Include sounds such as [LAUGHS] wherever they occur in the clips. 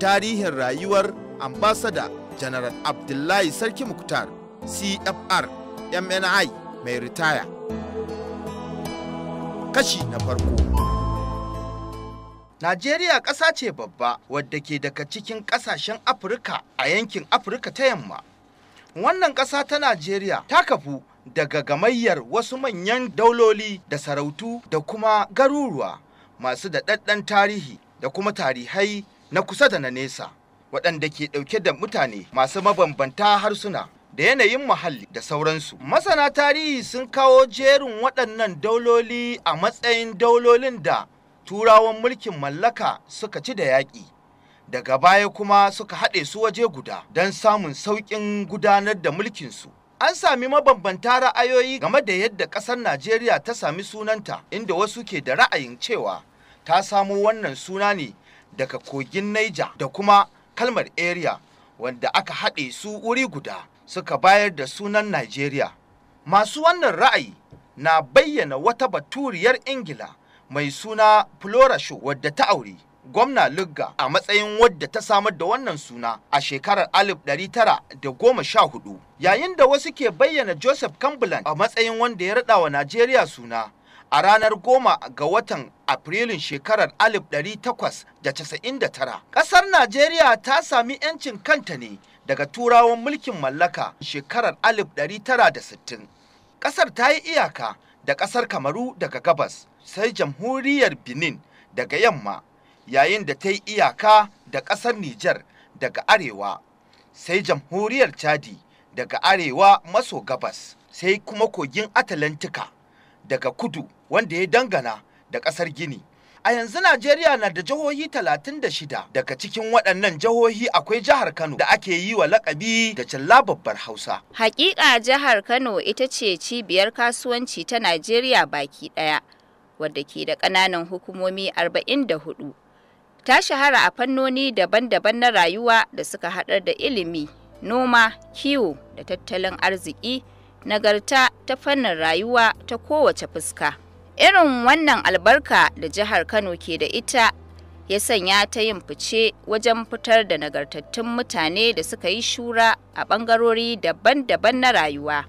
tarihin rayuwar ambasada general abdullahi sarki mukhtar cfr mni mai ritaya kashi na farko Najeriya ƙasa ce babba wadda ke daga cikin ƙasashen Afirka a yankin Afirka ta yamma. Wannan ƙasa ta Najeriya ta kafu daga gamayyar wasu manyan dauloli da sarautu da kuma garuruwa masu daɗaɗɗen tarihi da kuma tarihai na kusa da na nesa waɗanda ke ɗauke da mutane masu mabambanta harsuna da yanayin muhalli da sauransu. Masana tarihi sun kawo jerin waɗannan dauloli a matsayin daulolin da turawan mulkin mallaka suka ci da yaƙi. Daga baya kuma suka haɗe su waje guda don samun sauƙin gudanar da mulkinsu. An sami mabambanta ra'ayoyi game da yadda ƙasar Najeriya ta sami sunanta, inda wasu ke da ra'ayin cewa ta samo wannan suna ne daga kogin Niger da kuma kalmar area wanda aka haɗe su wuri guda suka bayar da sunan Nigeria. Masu wannan ra'ayi na bayyana wata baturiyar Ingila mai suna Flora Show wadda ta aure. Gwamna Lugga a matsayin wadda ta samar da wannan suna a shekarar 1914 yayin da wasu ke bayyana Joseph Cumberland a matsayin wanda ya raɗa wa Najeriya suna a ranar goma ga watan Afrilun shekarar 1899. Ƙasar Najeriya ta sami 'yancin kanta ne daga turawan mulkin mallaka shekarar 1960. Ƙasar ta yi iyaka da ƙasar Kamaru daga gabas, sai jamhuriyar Benin daga yamma, yayin da ta yi iyaka da ƙasar Nijar daga arewa, sai jamhuriyar Chadi daga arewa maso gabas, sai kuma kogin Atalantika. daga kudu wanda ya dangana da ƙasar Gini. A yanzu Najeriya na da jihohi talatin da shida. daga cikin waɗannan jihohi akwai jihar Kano da ake yi wa lakabi da cilla babbar Hausa. Hakika jihar Kano ita ce cibiyar kasuwanci ta Najeriya baki ɗaya, wadda ke da ƙananan hukumomi arba'in da 44. Ta shahara a fannoni daban-daban na rayuwa da suka haɗar da ilimi, noma, kiwo da tattalin arziki nagarta ta fannin rayuwa ta kowace fuska. Irin wannan albarka da jihar Kano ke da ita ya sanya ta yin fice wajen fitar da nagartattun mutane da suka yi shura a ɓangarori daban-daban na rayuwa.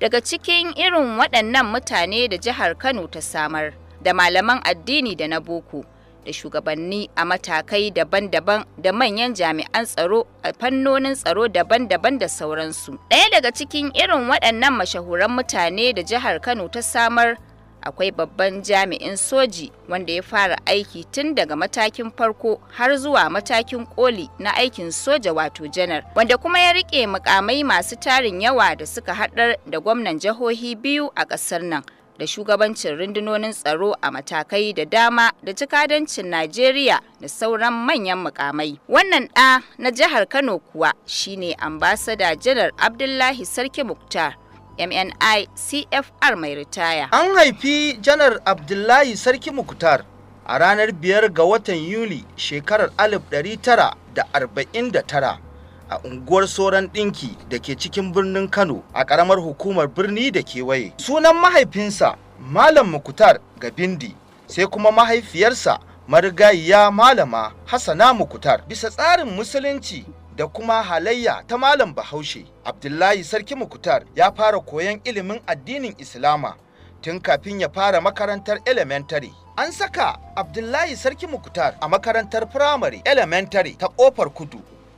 Daga cikin irin waɗannan mutane da jihar Kano ta samar, da malaman addini da na boko. da shugabanni a matakai daban-daban da manyan jami'an tsaro a fannonin tsaro daban-daban da sauransu. Ɗaya daga cikin irin waɗannan mashahuran mutane da jihar Kano ta samar akwai babban jami'in soji wanda ya fara aiki tun daga matakin farko har zuwa matakin koli na aikin soja wato janar wanda kuma ya rike mukamai masu tarin yawa da suka haɗar da gwamnan jihohi biyu a ƙasar nan da shugabancin rundunonin tsaro a matakai da dama da cikadancin Najeriya da sauran manyan mukamai. Wannan ɗa na jihar Kano kuwa shine ambasada janar Abdullahi Sarki Muktar. MNI CFR mai ritaya. An haifi janar Abdullahi Sarki Muktar a ranar biyar ga watan Yuli shekarar 1949 a unguwar soran ɗinki da ke cikin birnin kano a ƙaramar hukumar birni da kewaye sunan mahaifinsa malam mukutar Bindi sai kuma mahaifiyarsa marigayiya malama hassana mukutar bisa tsarin musulunci da kuma halayya ta malam bahaushe abdullahi sarki mukutar ya fara koyon ilimin addinin islama tun kafin ya fara makarantar elementary an saka abdullahi sarki mukutar a makarantar firamare elementary ta ƙofar kudu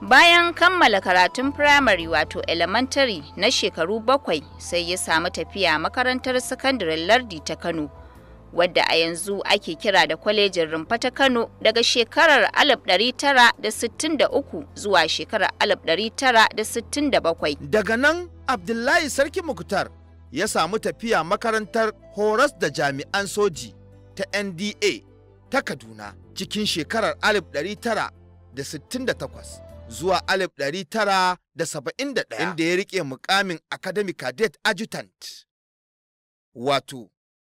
Bayan kammala karatun firamare wato elementary na shekaru bakwai sai ya samu tafiya makarantar sakandaren lardi ta Kano, wadda a yanzu ake kira da kwalejin rumfa ta Kano daga shekarar 1963 zuwa shekarar 1967. Daga nan Abdullahi Sarki Muktar ya samu tafiya makarantar horas da jami'an soji ta NDA ta Kaduna cikin shekarar 1968. zuwa alif ɗari tara da da saba'in ɗaya. inda ya riƙe mukamin Academic Cadet Adjutant wato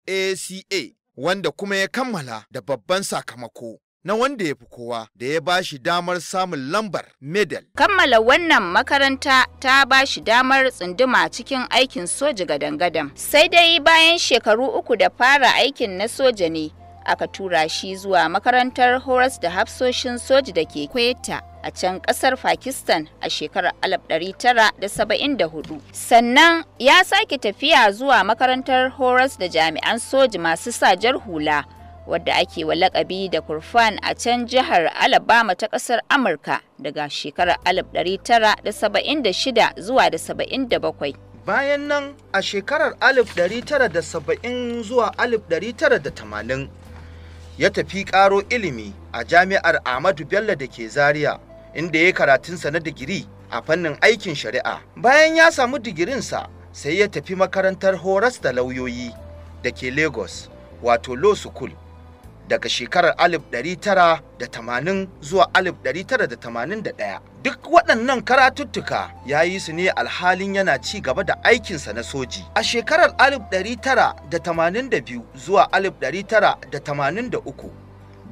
ACA wanda kuma ya kammala da babban sakamako. na wanda ya fi kowa da ya ba shi damar samun lambar medal. Kammala wannan makaranta ta ba shi damar tsunduma cikin aikin soja gadan-gadan. Sai dai bayan shekaru uku da fara aikin na soja ne, aka tura shi zuwa makarantar horas da hafsoshin soji da ke kweta a can kasar Pakistan a shekarar 1974. Sannan ya sake tafiya zuwa makarantar horas da jami'an soji masu sajar hula wadda ake wa lakabi da Kurfan a can jihar Alabama ta kasar Amurka daga shekarar 1976 zuwa da 77. Bayan nan a shekarar 1970 zuwa 1980 ya tafi ƙaro ilimi a jami'ar Ahmadu Bello da ke Zaria, inda ya karatunsa na digiri a fannin aikin shari'a. Bayan ya samu digirinsa, sai ya tafi makarantar horas da lauyoyi da ke Lagos, wato Law School, daga shekarar 1980 zuwa 1981. Duk waɗannan karatuttuka ya yi su ne alhalin yana ci gaba da aikinsa na soji. A shekarar 1982 zuwa 1983,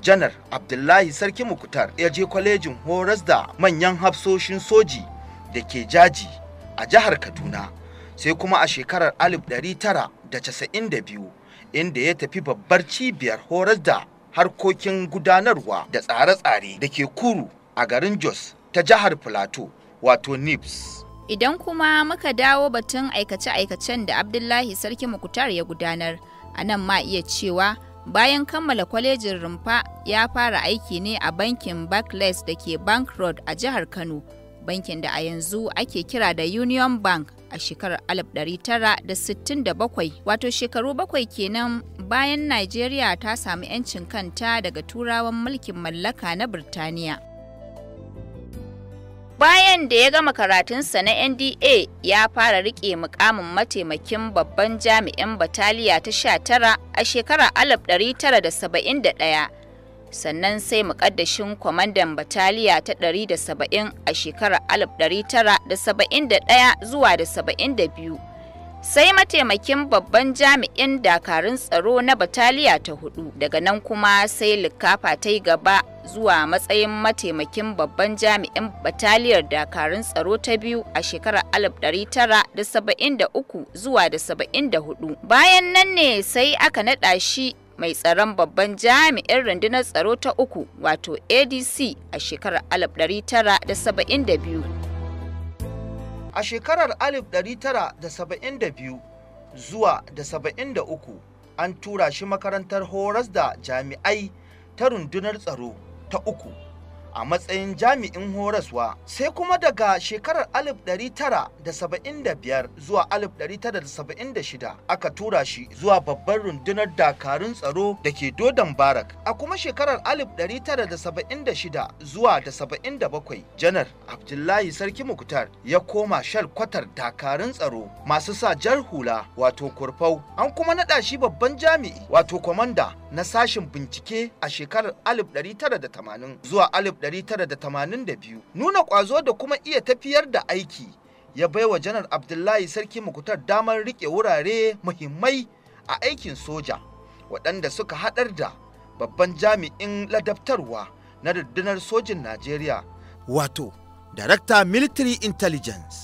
Janar Abdullahi Sarki Mukutar ya je kwalejin horas da manyan hafsoshin soji da ke jaji a jihar Kaduna, sai kuma a shekarar 1992 inda ya tafi babbar cibiyar horas da harkokin gudanarwa da tsare-tsare da ke kuru a garin Jos ta jihar Filato wato NIPS. Idan kuma muka dawo batun aikace-aikacen da Abdullahi Sarki Mukutar ya gudanar, a nan ma iya cewa bayan kammala kwalejin rumfa ya fara aiki ne a bankin Barclays da ke Bank Road a jihar Kano, bankin da a yanzu ake kira da Union Bank a shekarar 1967 wato shekaru bakwai kenan bayan Najeriya ta samu 'yancin kanta daga turawan mulkin mallaka na Birtaniya. Bayan da ya gama karatunsa na NDA ya fara riƙe mukamin mataimakin babban jami'in bataliya ta 19 a shekarar 1971. sannan sai mukaddashin kwamandan bataliya ta 170 a shekarar 1971 zuwa da 72 sai mataimakin babban jami'in dakarun tsaro na bataliya ta hudu daga nan kuma sai likafa ta gaba zuwa matsayin mataimakin babban jami'in bataliyar dakarun tsaro ta biyu a shekarar 1973 zuwa da 74 bayan nan ne sai aka naɗa shi mai tsaron babban jami'in rundunar tsaro ta uku wato adc a shekarar 1972 A shekarar 1972 zuwa da 73 an tura shi makarantar horas da jami'ai ta rundunar tsaro ta uku. a matsayin jami'in horaswa sai kuma daga shekarar 1975 zuwa 1976 aka tura shi zuwa babbar rundunar dakarun tsaro da ke dodon barak a kuma shekarar 1976 zuwa da 77 janar abdullahi sarki mukutar ya koma shalkwatar dakarun tsaro masu sa jar hula wato kurfau an kuma naɗa shi babban jami'i wato kwamanda na sashin bincike a shekarar 1980 zuwa 1982 nuna ƙwazo da kuma iya tafiyar da aiki ya bai wa janar abdullahi sarki mukutar damar riƙe wurare muhimmai a aikin soja waɗanda suka haɗar da babban jami'in ladabtarwa na rundunar sojin najeriya wato director military intelligence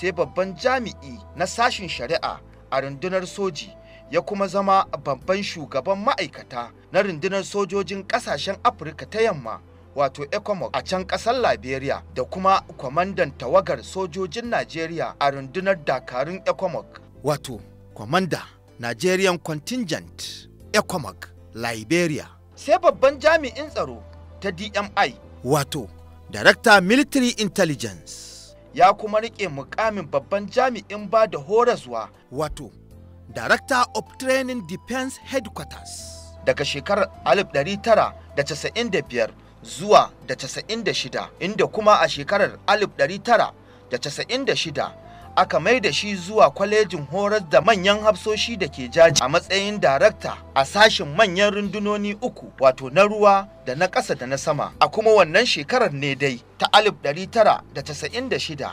sai babban jami'i na sashin shari'a a rundunar soji ya kuma zama babban shugaban ma'aikata na rundunar sojojin ƙasashen Afirka ta yamma wato ECOMOG a can ƙasar Liberia da kuma kwamandan tawagar sojojin Najeriya a rundunar dakarun ECOMOG. Wato, kwamanda Nigerian Contingent ECOMOG Liberia. Sai babban jami'in tsaro ta DMI. Wato, Director Military Intelligence. Ya kuma riƙe mukamin babban jami'in ba da horaswa. Wato, Director of Training Defense Headquarters. Daga shekarar 1995 zuwa da 96 inda kuma a shekarar 1996 aka mai da shi zuwa kwalejin horar da manyan hafsoshi da ke jaji a matsayin darakta a sashen manyan rundunoni uku wato na ruwa da na ƙasa da na sama a kuma wannan shekarar ne dai ta 1996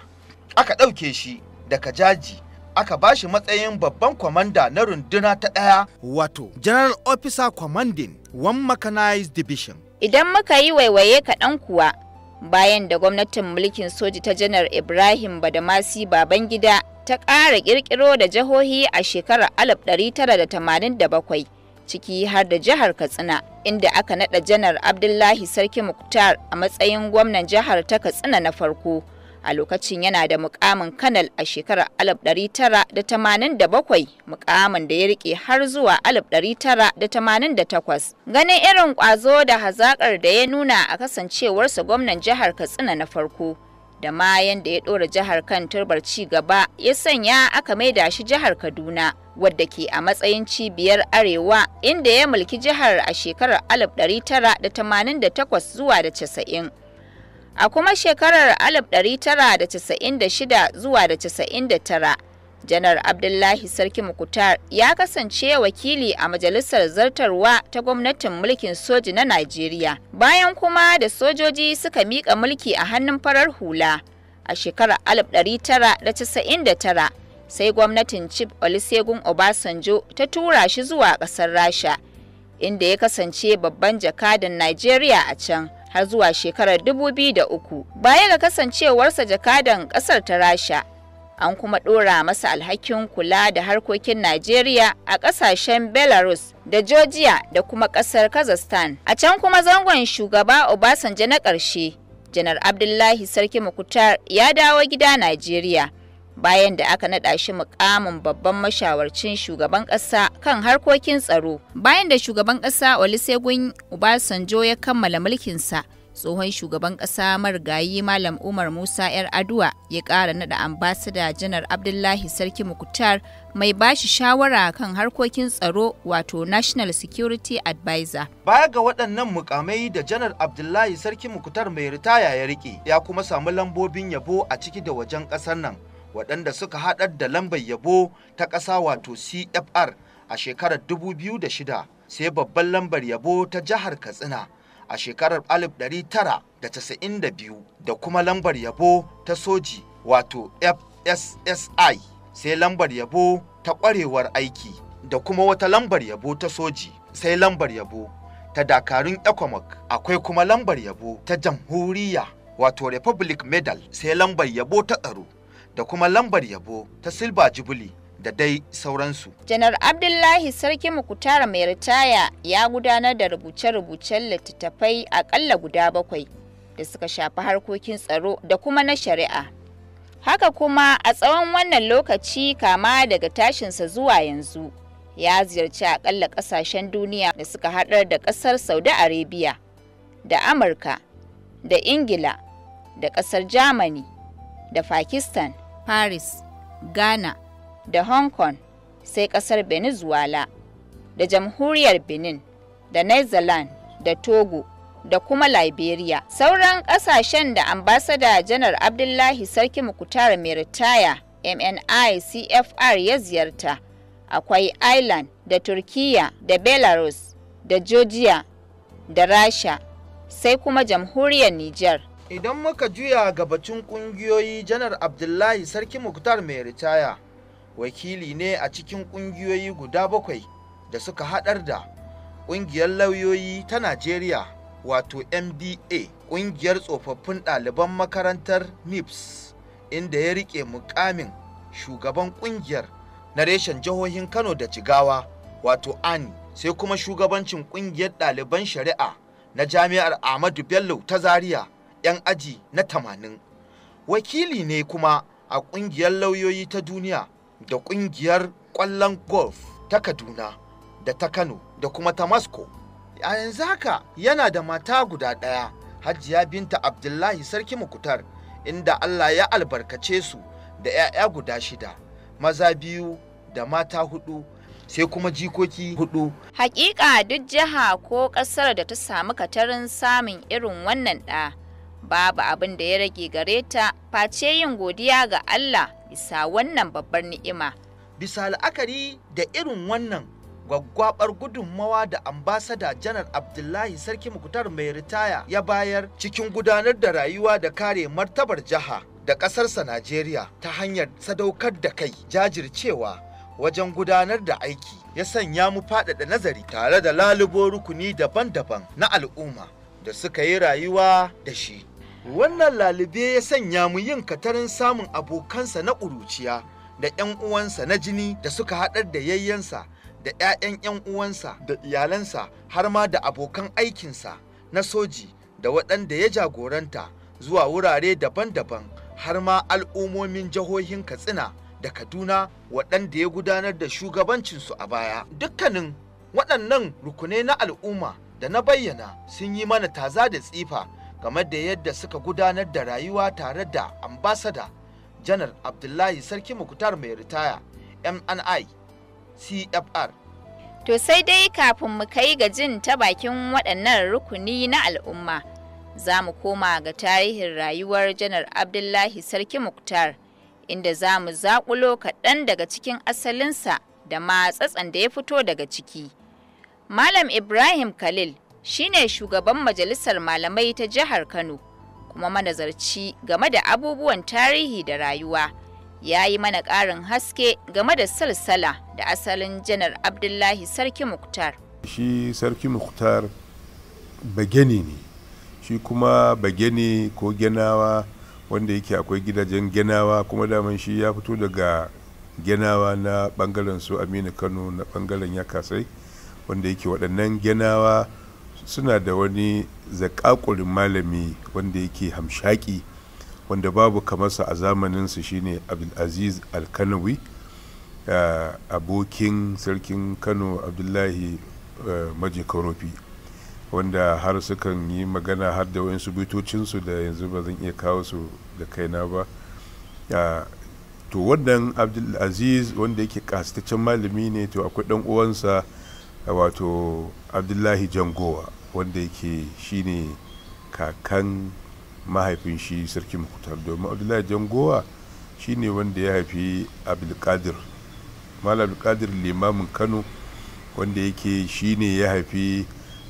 aka ɗauke shi daga jaji aka ba shi matsayin babban kwamanda na runduna ta ɗaya wato general officer commanding one mechanized division idan muka yi waiwaye kaɗan kuwa bayan da gwamnatin mulkin soji ta janar ibrahim badamasi babangida ta ƙara ƙirƙiro da jihohi a shekarar 1987 ciki har da jihar katsina inda aka naɗa janar abdullahi sarki muktar a matsayin gwamnan jihar ta katsina na farko a lokacin yana da mukamin kanal a shekarar 1987 mukamin da ya rike har zuwa 1988 ganin irin kwazo da hazakar da ya nuna a kasancewarsa gwamnan jihar katsina na farko da ma da ya ɗora jihar kan turbar ci gaba ya sanya aka maida shi jihar kaduna wadda ke a matsayin cibiyar arewa inda ya mulki jihar a shekarar 1988 zuwa da 90 A kuma shekarar 1996 zuwa da 99, Janar Abdullahi Sarki Mukutar ya kasance wakili a Majalisar Zartarwa ta gwamnatin mulkin soji na Najeriya. Bayan kuma da sojoji suka miƙa mulki a hannun farar hula a shekarar 1999. sai gwamnatin Chief Olusegun Obasanjo ta tura shi zuwa ƙasar Rasha, inda ya kasance babban jakadan Najeriya a can. har zuwa shekarar 2003 baya ga kasancewarsa jakadan kasar ta rasha an kuma ɗora masa alhakin kula da harkokin Najeriya a ƙasashen Belarus da Georgia da kuma ƙasar Kazakhstan. A can kuma zangon shugaba Obasanjo na ƙarshe, Janar Abdullahi Sarki Mukutar ya dawo gida Najeriya. bayan da aka naɗa shi mukamin babban mashawarcin shugaban ƙasa kan harkokin tsaro bayan da shugaban ƙasa olusegun obasanjo ya kammala mulkin sa, tsohon shugaban ƙasa marigayi malam umar musa yar aduwa ya ƙara naɗa ambasada janar abdullahi sarki mukutar mai bashi shawara kan harkokin tsaro wato national security advisor baya ga waɗannan mukamai da janar abdullahi sarki mukutar mai ritaya ya rike ya kuma samu lambobin yabo a ciki da wajen ƙasar nan waɗanda suka haɗar da lambar yabo ta ƙasa wato CFR a shekarar 2006 sai babban lambar yabo ta jihar Katsina a shekarar 1992 da kuma lambar yabo ta soji wato FSSI sai lambar yabo ta ƙwarewar aiki da kuma wata lambar yabo ta soji sai lambar yabo ta dakarun ecomoc akwai kuma lambar yabo ta jamhuriya wato republic medal sai lambar yabo ta tsaro da kuma lambar yabo ta silba jubuli da dai sauransu. Janar Abdullahi Sarki Mukutara mai ritaya ya gudanar da rubuce-rubucen littattafai akalla guda bakwai da suka shafi harkokin tsaro da kuma na shari'a. Haka kuma a tsawon wannan lokaci kama daga tashinsa zuwa yanzu ya ziyarci akalla kasashen duniya da suka haɗar da ƙasar Saudi Arabia da Amurka da Ingila da ƙasar Germany da Pakistan. paris ghana da hong kong sai kasar venezuela da jamhuriyar benin da netherlands da togo da kuma liberia sauran kasashen da ambasada janar abdullahi sarki mukutar mai ritaya mni cfr ya ziyarta akwai ireland da turkiya da belarus da georgia da rasha sai kuma jamhuriyar nijar idan muka juya ga batun kungiyoyi janar abdullahi sarki muktar mai ritaya wakili ne a cikin kungiyoyi guda bakwai da suka haɗar da ƙungiyar lauyoyi ta najeriya wato mba ƙungiyar tsofaffin ɗaliban makarantar nips inda ya riƙe mukamin shugaban ƙungiyar na reshen jihohin kano da jigawa wato ani sai kuma shugabancin ƙungiyar ɗaliban shari'a na jami'ar ahmadu bello ta Zariya. 'yan aji na tamanin wakili ne kuma a ƙungiyar lauyoyi ta duniya da ƙungiyar ƙwallon golf ta kaduna da ta kano da kuma ta moscow a yanzu haka yana da mata guda ɗaya hajiya binta abdullahi sarki mukutar inda allah ya albarkace su da 'ya'ya guda shida maza biyu da mata hudu sai kuma jikoki hudu. Hakika duk jiha ko ƙasar da ta samu katarin samun irin wannan ɗa babu abin da ya rage gare ta face yin godiya ga Allah bisa wannan babbar ni'ima. Bisa la'akari da irin wannan gwaggwabar gudunmawa da ambasada janar abdullahi sarki mukutar mai ritaya ya bayar cikin gudanar da rayuwa da kare martabar jiha da ƙasarsa najeriya ta hanyar sadaukar da kai jajircewa wajen gudanar da aiki ya sanya mu faɗaɗa nazari tare da lalubo rukuni daban-daban na al'umma da suka yi rayuwa da shi wannan lalube ya sanya mu yin katarin samun abokansa na ƙuruciya da 'yan uwansa na jini da suka haɗar da yayyansa da 'ya'yan 'yan uwansa da iyalansa har ma da abokan aikinsa na soji da waɗanda ya jagoranta zuwa wurare daban-daban har ma al'ummomin jihohin katsina da kaduna waɗanda ya gudanar da shugabancinsu a baya dukkanin waɗannan rukunai na al'umma da na bayyana sun yi mana taza da tsifa game da yadda suka gudanar da rayuwa tare da ambasada janar abdullahi sarki mukutar mai ritaya mni cfr to sai dai kafin mu kai ga jin ta bakin waɗannan rukuni na al'umma za mu koma ga tarihin rayuwar janar abdullahi sarki muktar inda za mu zaƙulo kaɗan daga cikin asalinsa da matsatsan da ya fito daga ciki malam ibrahim khalil shine shugaban majalisar malamai ta jihar Kano kuma manazarci game da abubuwan tarihi da rayuwa ya yi mana ƙarin haske game da salsala da asalin janar Abdullahi Sarki Muktar. Shi Sarki Muktar bageni ne shi kuma bageni ko genawa wanda yake akwai gidajen genawa kuma daman shi ya fito daga genawa na bangaren su aminu kano na bangaren ya kasai wanda yake waɗannan genawa suna da wani zakakurin malami wanda yake hamshaki wanda babu kamarsa a zamaninsa shine abdulaziz alkanawi eh, abokin sarkin kano abdullahi eh, majikarofi wanda har sukan yi magana har da wayansu bitocinsu da yanzu ba zan iya kawo su da kaina ba to wannan abdulaziz wanda yake kasitaccen malami ne to akwai dan uwansa wato abdullahi jangowa wanda yake shine kakan mahaifin shi sarki mukutar domin abdullahi jangowa shine wanda ya haifi abdulkadir mal abdulkadir limamin kano wanda yake shine ya haifi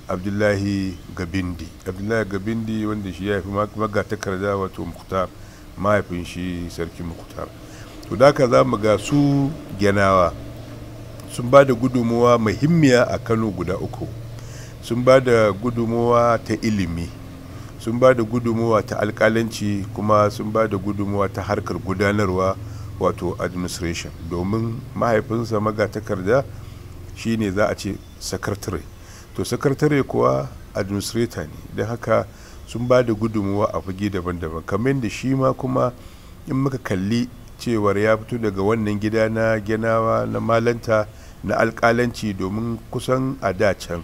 abdullahi gabindi abdullahi gabindi wanda shi ya haifi magatakarda wato mukuta mahaifin shi sarki mukutar to da ka za mu ga su genawa sun ba da gudunmuwa muhimmiya a kano guda uku sun ba da gudunmuwa ta ilimi sun ba da gudunmuwa ta alkalanci kuma sun ba da gudunmuwa ta harkar gudanarwa wato administration domin mahaifinsa magatakarda shine za a ce sakatare to sakatare kuwa administrator ne don haka sun ba da gudunmuwa a fage daban-daban kamar da shi ma kuma in muka kalli cewar ya fito daga wannan gida na genawa na malanta na alkalanci domin kusan a da can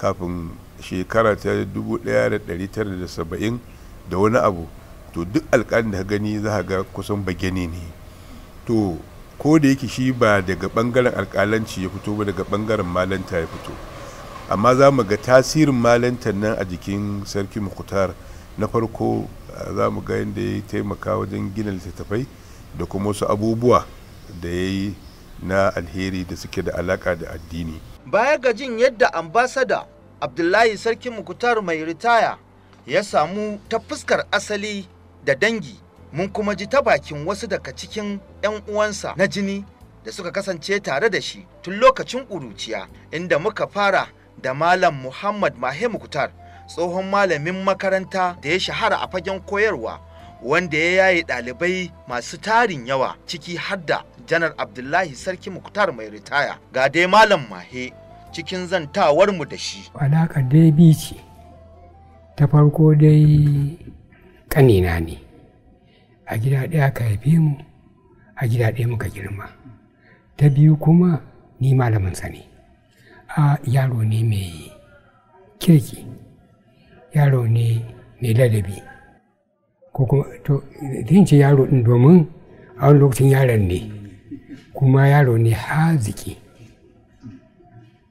kafin shekara ta 1970 da wani abu to duk alkalin da gani za ga kusan bagene ne to ko da yake shi ba daga bangaren alkalanci ya fito ba daga bangaren malanta ya fito amma za mu ga tasirin malantar nan a jikin sarki mukutar na farko eh, za mu ga yadda ya taimaka wajen gina littattafai da kuma wasu abubuwa da ya yi na alheri da suke da alaka da addini baya ga jin yadda ambasada abdullahi sarki mukutar mai ritaya ya samu ta fuskar asali da dangi mun kuma ji ta bakin wasu daga cikin 'yan uwansa na jini da suka kasance tare da shi tun lokacin ƙuruciya inda muka fara da malam muhammad mahe mukutar tsohon malamin makaranta da ya shahara a fagen koyarwa wanda ya yaye ɗalibai masu tarin yawa ciki har da janar abdullahi sarki muktar mai ritaya ga dai malam mahe cikin zantawar mu da shi alaƙar dai bi ce ta farko dai kanina ne a gida ɗaya ka haife mu a gida ɗaya muka girma ta biyu kuma ni malamin ne a yaro ne mai kirki yaro ne mai ladabi ko kuma to ce yaro ɗin domin a wani lokacin yaron ne kuma yaro ne haziki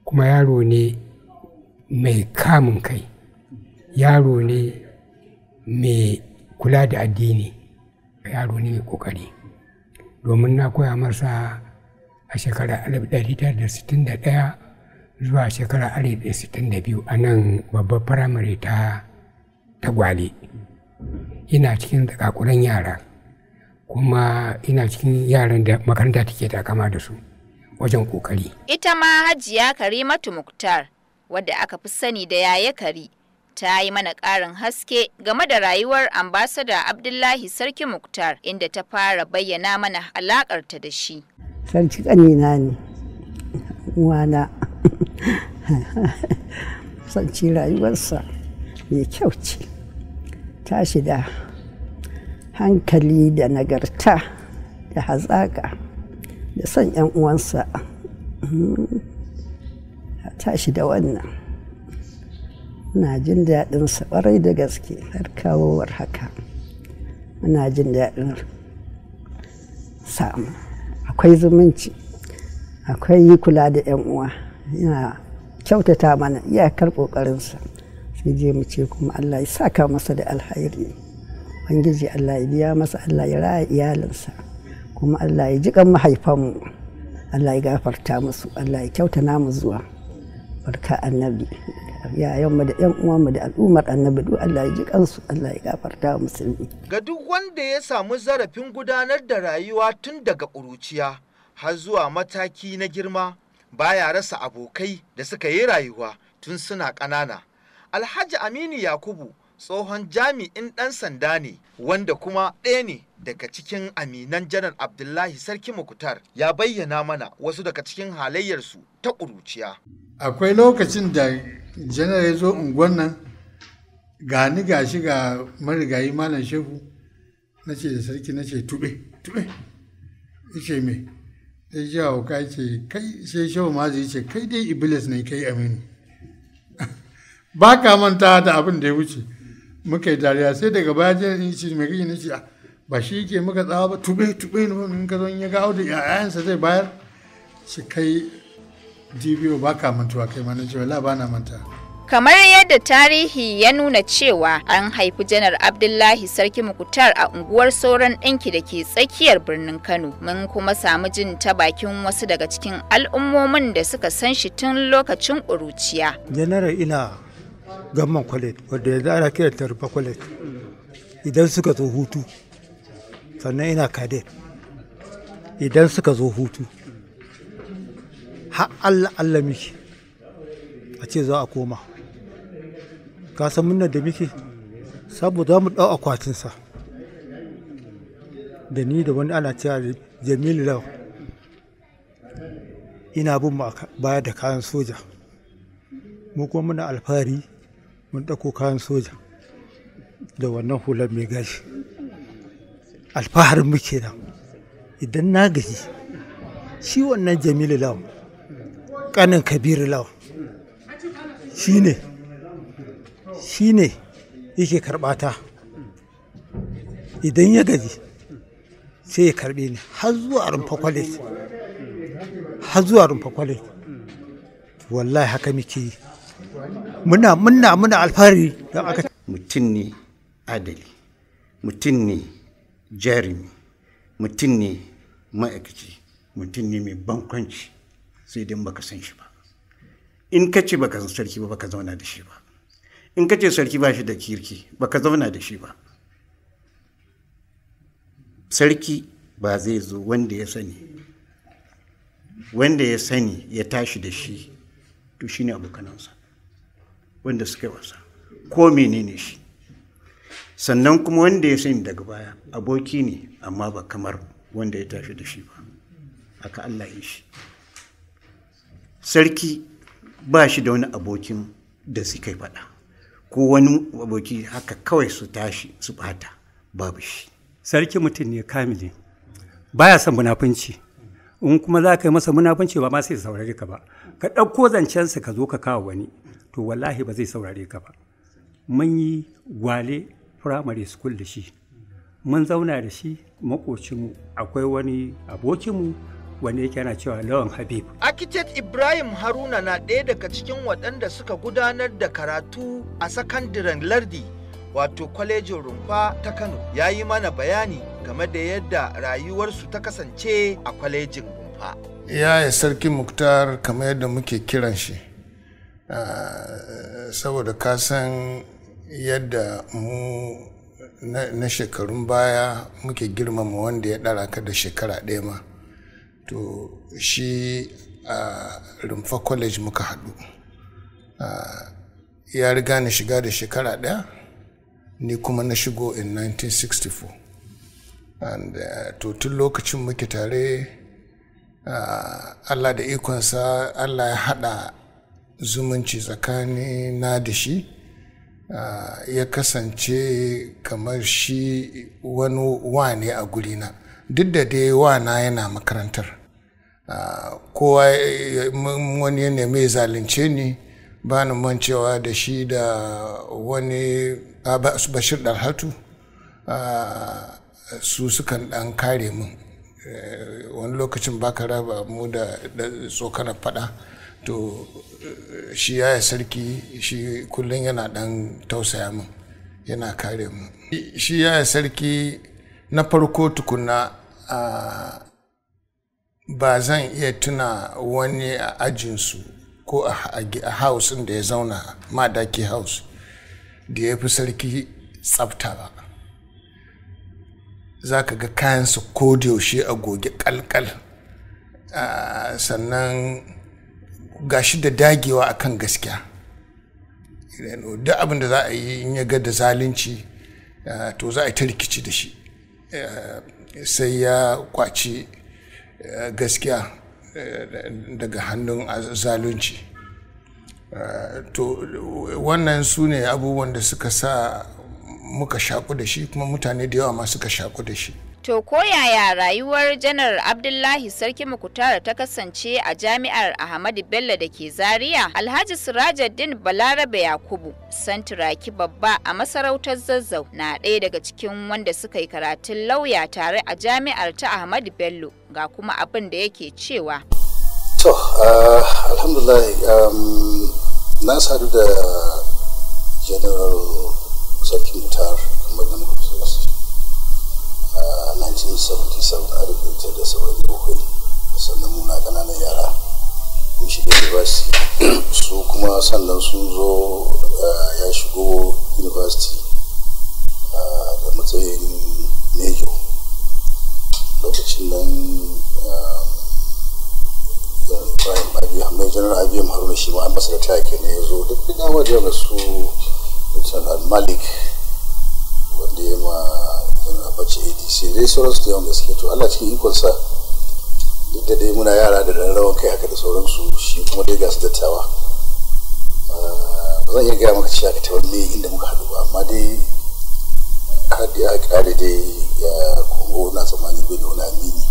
kuma yaro ne mai kamun kai yaro ne mai kula da addini yaro ne mai kokari domin na koya masa a shekarar 1961 zuwa shekarar 1962 a nan babbar firamare ta gwale ina cikin zakakuran yara kuma ina cikin yaran da makaranta take takama da su wajen kokari. Ita ma hajiya Karimatu Muktar wadda aka fi sani da yaye kari ta yi mana ƙarin haske game da rayuwar ambasada Abdullahi Sarki Muktar inda ta fara bayyana mana alaƙarta da shi. Sarki ƙanina ne, wana, [LAUGHS] sarki rayuwarsa mai kyau ce, tashi da hankali da nagarta da hazaƙa da son 'yan uwansa a tashi da wannan muna jin daɗin ƙwarai da gaske har kawowar haka muna jin daɗin samu akwai zumunci akwai yi kula da 'yan uwa yana kyautata mana iyakar ƙoƙarinsa sai je mu ce kuma allah ya saka masa da alhairi ubangiji Allah ya biya masa Allah ya raya iyalinsa kuma Allah ya jiƙan mahaifanmu Allah ya gafarta musu Allah ya kyauta namu zuwa barka annabi yayanmu da yan uwanmu da al'ummar annabi duk Allah ya su Allah ya gafarta musulmi ga duk wanda ya samu zarafin gudanar da rayuwa tun daga ƙuruciya har zuwa mataki na girma baya rasa abokai da suka yi rayuwa tun suna ƙanana Alhaji Aminu Yakubu tsohon jami'in ɗan sanda ne wanda kuma ɗaya ne daga cikin aminan janar abdullahi sarki mukutar ya bayyana mana wasu daga cikin halayyarsu ta ƙuruciya akwai lokacin da janar ya zo unguwan nan gani shi ga marigayi malam shehu na ce da sarki na ce tube tube ce me sai jawo ka ce kai sai shehu ma zai ce kai dai iblis ne kai aminu [LAUGHS] ba ka manta da abin da ya wuce muka yi dariya sai daga baya in ci mai gini ci ah, ba shi yake muka tsawa ba tube tube ne in ka zon ya ga audu yayansa zai bayar shi kai DBO ba ka mantuwa kai ma cewa la ba na manta kamar yadda tarihi ya nuna cewa an haifi janar abdullahi sarki mukutar a unguwar sauran ɗinki da ke tsakiyar birnin kano mun kuma samu jin ta bakin wasu daga cikin al'ummomin da suka san shi tun lokacin ƙuruciya janar ina gamman kwalet wadda ya ana kiran ta rufa idan suka zo hutu sannan ina kadet idan suka zo hutu allah allah miki a ce za a koma ka san da miki saboda mu ɗau akwatinsa da ni da wani ana cewa jamilu lau ina bin mu baya da kayan soja mu kuma muna alfahari mun ɗauko kayan soja da wannan hular mai gashi alfaharin muke nan idan na gaji shi wannan jamilu lau kanin kabiru lau shi ne shi ne yake karɓata idan ya gaji sai ya karɓe ni har zuwa rumfa kwalit har zuwa rumfa kwalit wallahi haka muke yi muna muna muna alfahari don aka mutum ne adali mutum ne jarumi mutum ne ma'aikaci mutum ne mai bankwanci sai dai baka san shi ba in ka ce baka san sarki ba baka zauna da shi ba in ka ce sarki ba shi da kirki baka zauna da shi ba sarki ba zai zo wanda ya sani wanda ya sani ya tashi da shi to shine abokanansa wanda suka yi wasa ko menene shi sannan kuma wanda ya sani daga baya aboki ne amma ba kamar wanda ya tashi da shi ba aka Allah yi shi sarki ba shi da wani abokin da suka faɗa ko wani aboki haka kawai su tashi su bata babu shi sarki mutum ne kamili baya son munafunci in kuma za ka yi masa munafunci ba ma sai saurari ka ba ka ɗauko zancensa ka zo ka kawo wani to wallahi ba zai saurare ka ba mun yi gwale primary school da shi mun zauna da shi makocinmu akwai wani abokinmu wani yake yana cewa lawan habib architect ibrahim haruna na ɗaya daga cikin waɗanda suka gudanar da karatu a sakandaren lardi wato kwalejin rumfa ta kano ya yi mana bayani game da yadda rayuwarsu ta kasance a kwalejin rumfa ya yi sarki muktar kamar yadda muke kiran shi Eh, saboda ka san yadda mu na shekarun baya muke girmama wanda ya ɗara ka da shekara ɗaya ma to shi a eh, rumfa college muka haɗu eh, ya riga ni shiga da shekara ɗaya ni kuma na shigo in 1964 and to tun lokacin muke tare uh, allah da ikonsa allah ya haɗa zumunci tsakanin na da shi ya kasance kamar shi wani wa ne a gurina duk da dai wa na yana makarantar kowa wani ya mai zalunce ni ba ni mancewa da shi da wani bashir dalhatu su sukan dan kare mu eh, wani lokacin baka raba mu da tsokanar fada to shi yi sarki shi kullum yana ɗan tausaya min yana kare mu shi yi sarki na farko tukuna ba zan iya tuna wani a ajinsu ko a house da ya zauna madaki house da ya fi sarki tsafta ba za ka ga kayansa yaushe a goge kalkal sannan gashi da dagewa a kan gaskiya duk abin da za a yi in ya ga da zalunci eh, to za a yi ta rikici da shi eh, sai ya kwaci eh, gaskiya daga hannun zalunci to wannan su ne abubuwan da suka sa muka shaku da shi kuma mutane da yawa ma suka shaku da shi To koyaya rayuwar janar Abdullahi Sarki Mukutara ta kasance a jami'ar Ahmadu Bello da ke Zaria? Alhaji Sirajaddin Balarabe Yakubu, santiraki babba a masarautar Zazzau na ɗaya daga cikin wanda suka yi karatun lauya tare a jami'ar ta Ahmadu Bello ga kuma abin da yake cewa. To, ah, um, na sadu da janar Sarki Mutar a 1977 a rubuta da saurari bakwai sannan muna ƙananan yara mun shiga university su kuma sannan sun zo eh, ya shigo university eh, da matsayin mejo lokacin nan eh, ibrahim abi haruna shi ma an masa da ne ya zo duk da dama da su malik wanda ya ma yana abacin adc dai sauransu da yawan gaske to allah cikin ikonsa duk da dai muna yara da rawan kai haka da sauran su shi kuma dai gasu dattawa ba ah, zan iya gaya maka cewa ka tawalle inda muka haɗu ba amma dai har da ya ƙare dai ya kongo na tsammanin bai da wani amini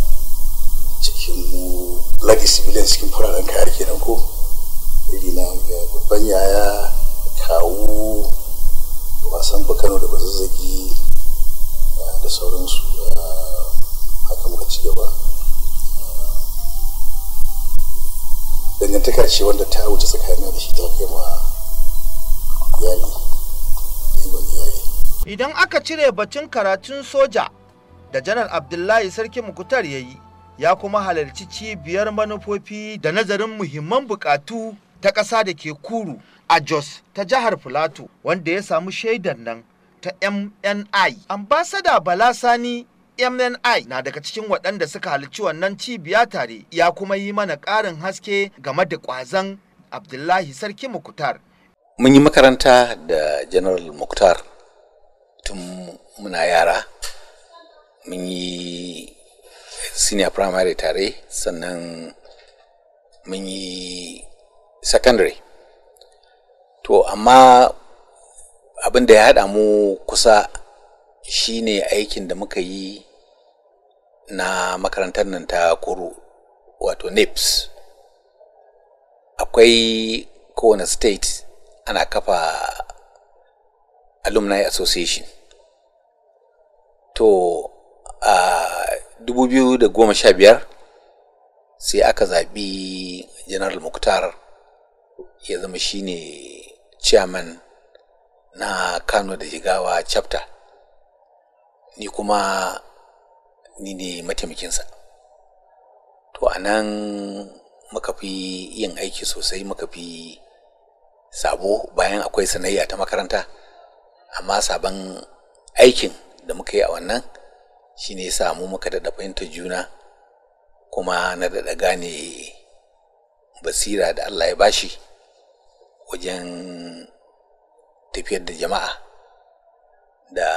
cikin mu lagi sibilin cikin fararen kayar kenan ko iri na babban yaya kawo wasan bakano da bazazzagi eh, da sauransu eh, haka muka ci gaba eh, dangantaka ce wanda ta wuce tsakanin da shi ta kai ma iyali idan aka cire bacin karatun soja da janar abdullahi sarki mukutar ya yi ya kuma halarci cibiyar manufofi da nazarin muhimman bukatu ta ƙasa da ke kuru a Jos ta jihar Filato wanda ya samu shaidan nan ta MNI. Ambasada Bala Sani MNI na daga cikin waɗanda suka halarci wannan cibiya tare ya kuma yi mana ƙarin haske game da ƙwazon Abdullahi Sarki Mukutar. Mun yi makaranta da General Mukutar tun muna yara. Mun yi senior primary tare sannan mun yi secondary to amma abin da ya haɗa mu kusa shine aikin da muka yi na makarantar nan ta kuru wato nips e akwai kowane state ana kafa alumni association to a uh, 2015 sai aka zaɓi general mukhtar ya zama shine chairman na kano da jigawa chapter ni kuma ni ne mataimakinsa to a nan muka fi yin aiki sosai muka fi sabo bayan akwai sanayya ta makaranta amma sabon aikin da muka yi a wannan shine ya samu muka daɗa fahimta juna kuma na daɗa gane basira da allah ya bashi wajen tafiyar da jama'a da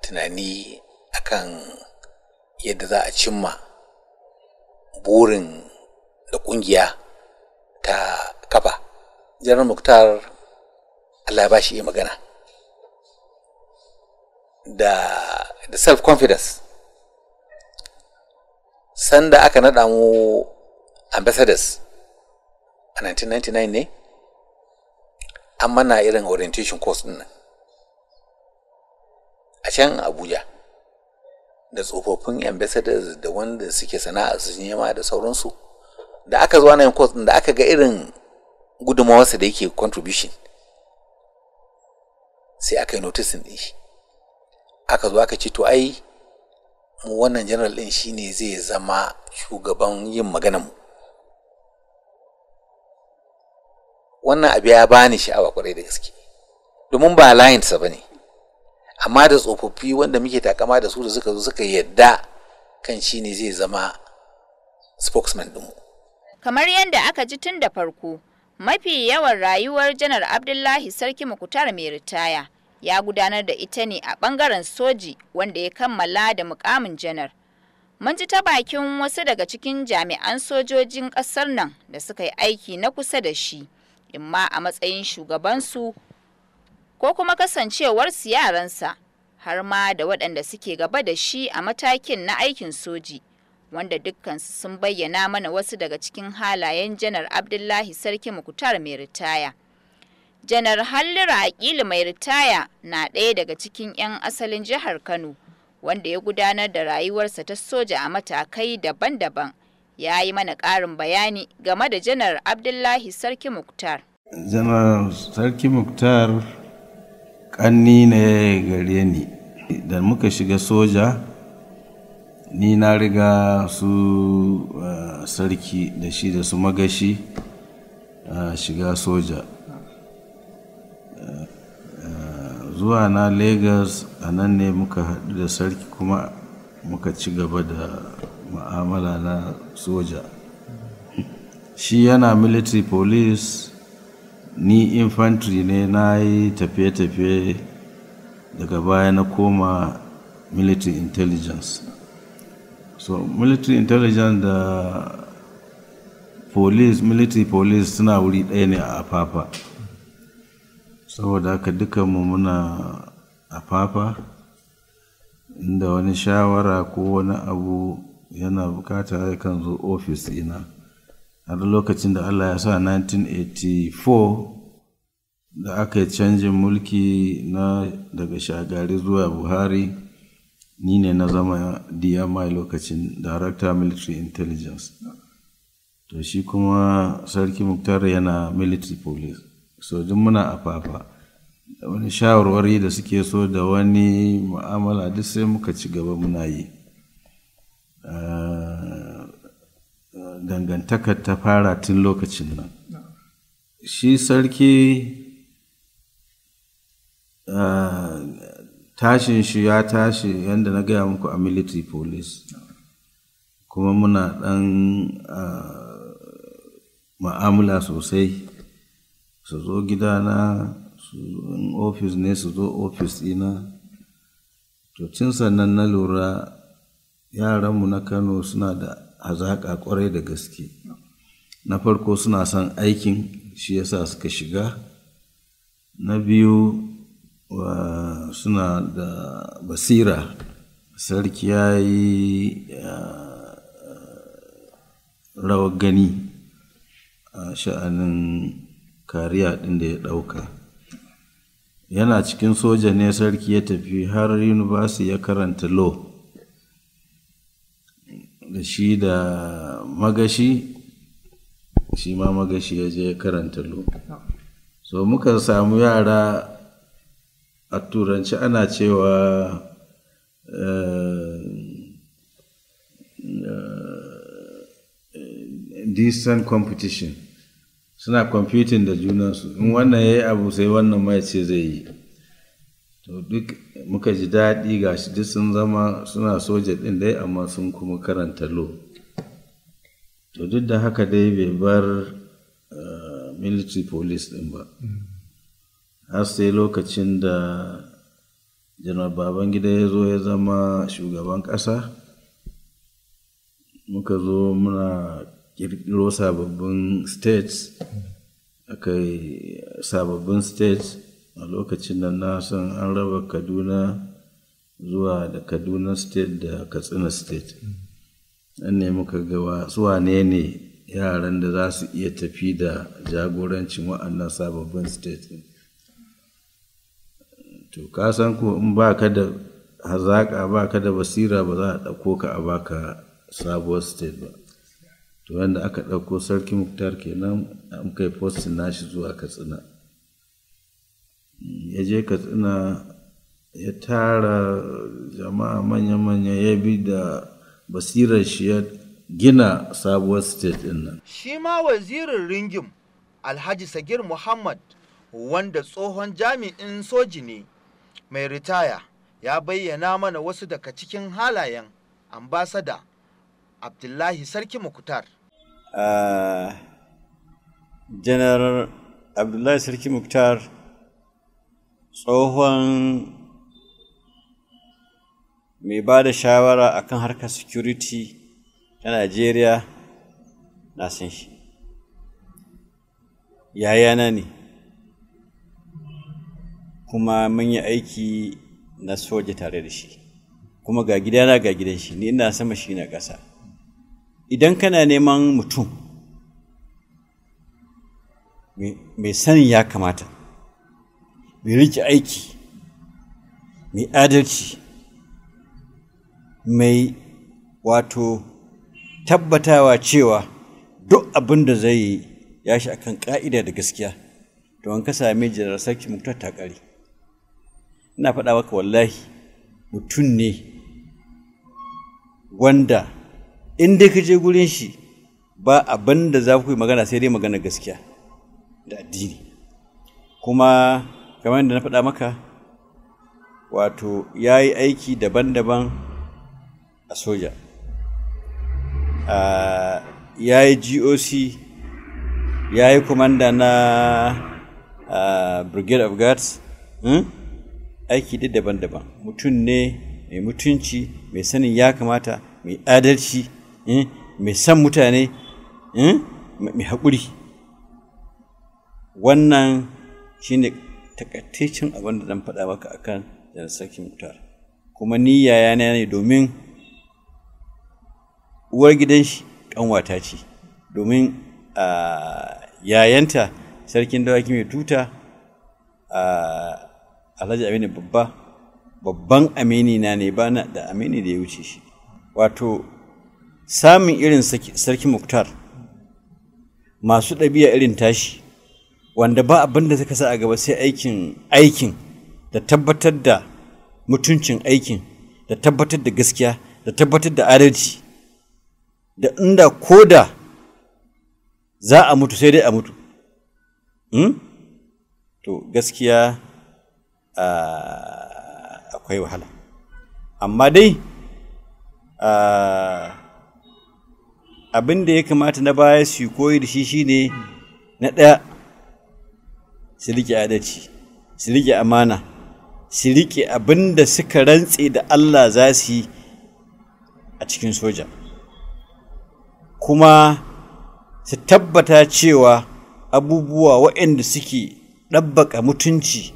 tunani akan yadda za a cimma burin da ƙungiya ta kafa janar muktar allah ba shi iya magana da, da self-confidence sanda aka naɗa mu ambassadors a 1999 ne an mana irin orientation course din nan a can abuja da tsofaffin ambassadors da wanda suke sana'a su nema da sauransu da aka zuwa nan course din da aka ga irin gudunmawarsa da yake contribution sai aka yi notice din shi aka zo aka ce to ai mu wannan general din shine zai zama shugaban yin maganar mu wannan abu ya bani sha'awa kwarai da gaske domin ba layinsa ba ne amma da tsofaffi wanda muke takama da su da suka zo suka yadda kan shi ne zai zama spokesman kamar yadda aka ji tun da farko mafi yawan rayuwar janar abdullahi sarki mukutar mai ritaya ya gudanar da ita ne a bangaren soji wanda ya kammala da mukamin janar mun ji ta bakin wasu daga cikin jami'an sojojin ƙasar nan da suka yi aiki na kusa da shi. imma a matsayin shugabansu ko kuma kasancewarsu yaransa har ma da waɗanda suke gaba da shi a matakin na aikin soji wanda dukkan sun bayyana mana wasu daga cikin halayen janar abdullahi sarki mukutar mai ritaya janar hallira aƙili mai ritaya na ɗaya daga cikin 'yan asalin jihar kano wanda ya gudanar da rayuwarsa ta soja a matakai daban-daban ya yi mana ƙarin bayani game da janar abdullahi sarki muktar janar sarki muktar ƙanni ne gare ni da muka shiga soja ni na riga su eh, sarki da shi da su magashi eh, shiga soja eh, zuwa na lagos a nan ne muka haɗu da sarki kuma muka ci gaba da ma'amala na soja shi yana military police ni infantry ne na yi tafiye-tafiye daga baya na koma military intelligence so military intelligence da police military police suna wuri ɗaya ne a afafa saboda haka dukanmu muna afafa inda wani shawara ko wani abu yana bukata ya kan zo ofis ina har lokacin da allah ya sa 1984 da aka yi canjin mulki na daga shagari zuwa buhari ni ne na zama dmi lokacin director military intelligence to shi kuma sarki muktar yana military police so duk muna afafa da wani shawarwari da suke so da wani mu'amala duk sai muka ci gaba muna yi Eh, dangantakar ta fara tun lokacin nan shi sarki eh, tashin shi ya tashi yadda na gaya muku a military police kuma muna ɗan eh, ma'amula sosai su zo gidana su ofis ne su zo ofis ɗina to tun sannan na lura yaranmu na kano suna da hazaƙa ƙwarai da gaske na farko suna son aikin shi yasa suka shiga na biyu suna da basira sarki ya yi rawar gani a sha'anin kariya ɗin da ya ɗauka yana cikin soja ne sarki ya tafi har yunibasi ya karanta law da shi da magashi shi ma magashi ya je karanta lo so muka samu yara a turanci ana cewa eh, eh, distant competition suna computing da junansu in wannan ya yi abu sai wannan mai ce zai yi duk muka ji daɗi ga shi duk sun zama suna soja ɗin dai amma sun kuma karanta lo to duk da haka dai bai bar eh, military police ɗin ba har sai lokacin da janar babangida ya zo ya zama shugaban ƙasa muka zo muna ƙirƙiro sababbin states aka sababbin states a lokacin da na san an raba kaduna zuwa da kaduna state da katsina state an nemi ka ga zuwa ne ne yaran da za su iya tafi da jagorancin wa'annan sababbin state to ka san ko in ba ka da hazaƙa ba ka da basira ba za a ɗauko ka a baka sabuwar state ba to wanda aka ɗauko sarki muktar kenan an kai postin nashi zuwa katsina ya je katsina ya tara jama'a manya-manya ya bi da basirar shi ya gina sabuwar state din nan. Shi ma wazirin ringim Alhaji Sagir Muhammad wanda tsohon jami'in soji ne mai ritaya ya bayyana mana wasu daga cikin halayen ambasada Abdullahi Sarki Mukutar. Uh, ah, General Abdullahi Sarki Mukutar tsohon mai ba da shawara akan harkar security ta najeriya na san shi yayana ne kuma mun yi aiki na soja tare da shi kuma ga gidana ga gidan shi ni ina sama shi na ƙasa idan kana neman mutum mai sanin ya kamata mai rike aiki mai adalci mai wato tabbatawa cewa duk abin da zai yi ya shi akan ka'ida da gaskiya to an ka same jirar sarki ta ƙare ina faɗa maka wallahi mutum ne wanda in dai ka je gurin shi ba abin da za ku yi magana sai dai magana gaskiya da addini kuma kamar yadda na faɗa maka wato ya yi aiki daban-daban a soja ya yi goc ya yi komanda na brigade of guards hmm? aiki duk daban-daban mutum ne mai mutunci mai sanin ya kamata mai adalci hmm? mai san mutane hmm? mai haƙuri wannan shi ne. takaitaccen abin da zan faɗa maka akan sarki muktar kuma ni yayana ne domin uwar gidan shi kanwata ce domin yayanta sarkin dawaki mai tuta alhaji aminu babba babban amini na ne ba na da amini da ya wuce shi wato samun irin sarki muktar masu ɗabi'a irin tashi wanda ba abin da suka sa a gaba sai aikin aikin da tabbatar da mutuncin aikin da tabbatar da gaskiya da tabbatar da adalci da inda ko da za a mutu sai dai a mutu hmm? to gaskiya akwai wahala amma dai abin da ya kamata na baya su koyi da shi shine na ɗaya su riƙe adalci su riƙe amana su riƙe abin da suka rantse da Allah za su yi a cikin soja kuma su tabbata cewa abubuwa waɗanda suke ɗabbaka mutunci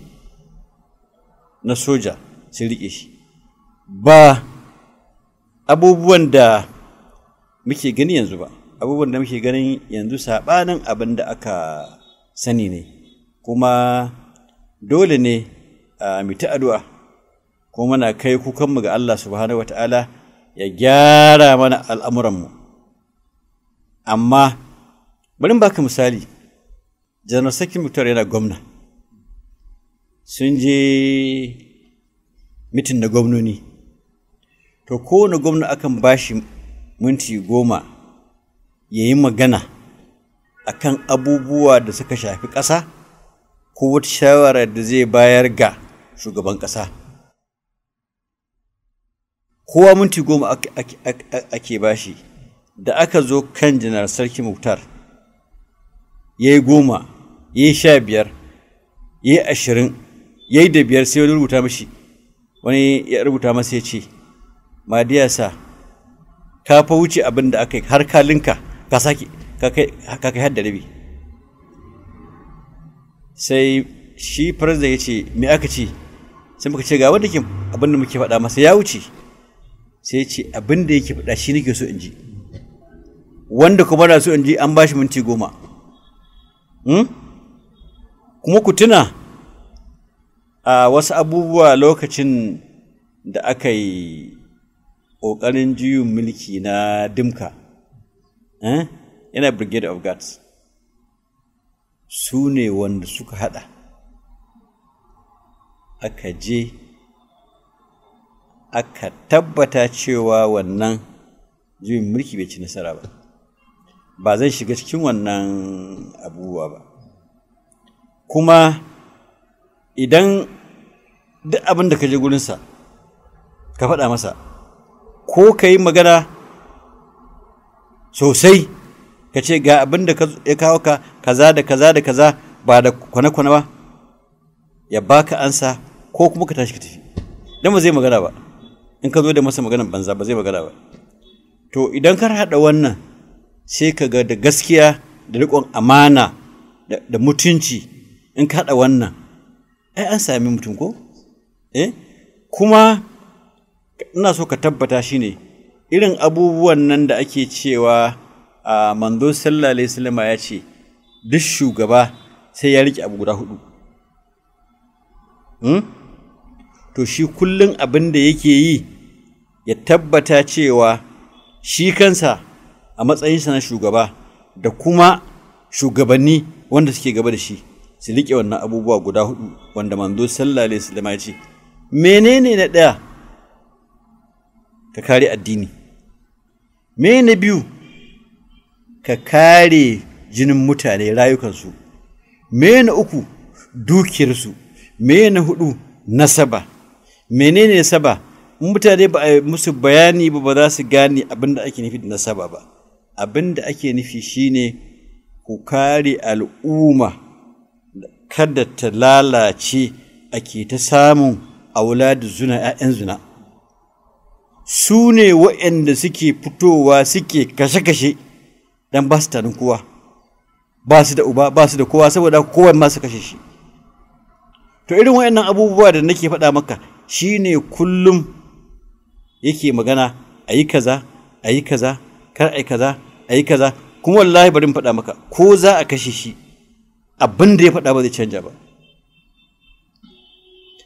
na soja su riƙe shi ba abubuwan da muke gani yanzu ba abubuwan da muke ganin yanzu saɓanin abin da aka sani ne kuma dole ne a mita addu'a kuma muna kai kukanmu ga Allah subhanahu Ta'ala ya gyara mana al'amuranmu amma bari baka misali janar sakin yana gwamna sun je mitin na gwamnoni to kowane gwamna akan bashi minti goma ya yi magana a kan abubuwa da suka shafi ƙasa ko wata shawara da zai bayar ga shugaban ƙasa kowa minti goma ake bashi da aka zo kan janar sarki muktar ya yi goma ya yi sha biyar ya yi ashirin ya yi da biyar sai wani rubuta mashi wani ya rubuta masa ya ce madiyasa ka fa wuce abin da aka yi har kalinka ka sake ka kai har bi rabi sai shi farzan ya ce me aka ce sai muka ce ga wanda ke abin muke faɗa masa ya wuce sai ya ce abin yake faɗa shi nake so in ji wanda kuma na so in ji an ba shi minti goma hmm? kuma ku tuna a wasu abubuwa lokacin da aka yi ƙoƙarin juyin mulki na dimka yana eh? brigade of guards su ne wanda suka haɗa aka je aka tabbata cewa wannan juyin mulki bai ci nasara ba ba zai shiga cikin wannan abubuwa ba kuma idan duk abin da ka je gurinsa ka faɗa masa ko ka yi magana sosai ka ce ga abin da ya kawo ka kaza da kaza da kaza ba da kwane-kwane ba ya baka ansa ko kuma ka tashi ka tafi dan ba zai magana ba in ka zo da masa maganar banza ba zai magana ba to idan ka haɗa wannan sai ka ga da gaskiya da riƙon amana da mutunci in ka haɗa wannan ai an sami mutum ko eh kuma ina so ka tabbata shine irin abubuwan nan da ake cewa a mando sallallahu alaihi ya ce duk shugaba sai ya rike abu guda hudu hmm? to shi kullum abin da yake yi ya tabbata cewa shi kansa a matsayinsa na shugaba da kuma shugabanni wanda suke gaba da shi su riƙe wannan abubuwa guda hudu wanda manzo sallallahu alaihi ya ce menene na ɗaya ka kare addini me na biyu ka kare jinin mutane rayukansu me na uku dukiyarsu me na hudu nasaba menene nasaba? in mutane ba a musu bayani ba ba za su gane abin da ake nufi da nasaba ba abin da ake nufi shine ku kare al'umma kada ta lalace ake ta samun aula da zuna 'ya'yan zina su ne waɗanda suke fitowa suke kashe-kashe dan ba su tarin kowa ba su da uba ba su da kowa saboda kowa ma su kashe shi to irin wayannan abubuwa da nake faɗa maka shine kullum yake magana a yi kaza a yi kaza kar a yi kaza a yi kaza kuma wallahi bari mu faɗa maka ko za a kashe shi abin da ya faɗa ba zai canja ba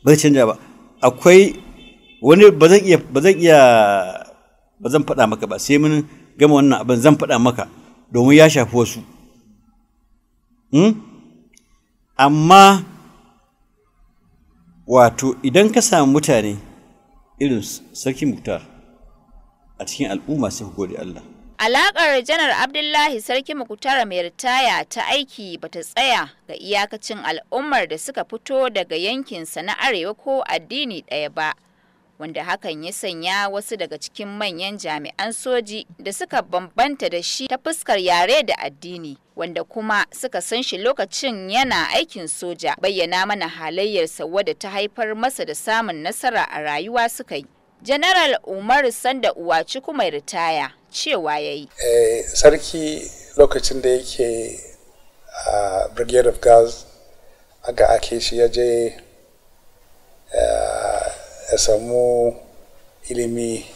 ba zai canja ba akwai wani ba zan iya ba zan iya ba zan faɗa maka ba sai mun gama wannan abin zan faɗa maka domin ya shafi wasu hmm? amma wato idan ka samu mutane irin sarki muktar a cikin al'umma sai ku gode Allah Alaƙar janar Abdullahi Sarki Mukutara mai ritaya ta aiki bata tsaya ga iyakacin al'ummar da suka fito daga yankinsa na arewa ko addini ɗaya ba. wanda hakan ya sanya wasu daga cikin manyan jami'an soji da suka bambanta da shi ta fuskar yare da addini wanda kuma suka san shi lokacin yana aikin soja bayyana mana halayyarsa wadda ta haifar masa da samun nasara a rayuwa suka yi General Umar Sanda Uwaci kuma ritaya cewa ya yi. Eh, sarki lokacin da yake a ah, Brigade of Gas aga ake shi ya je samu ilimi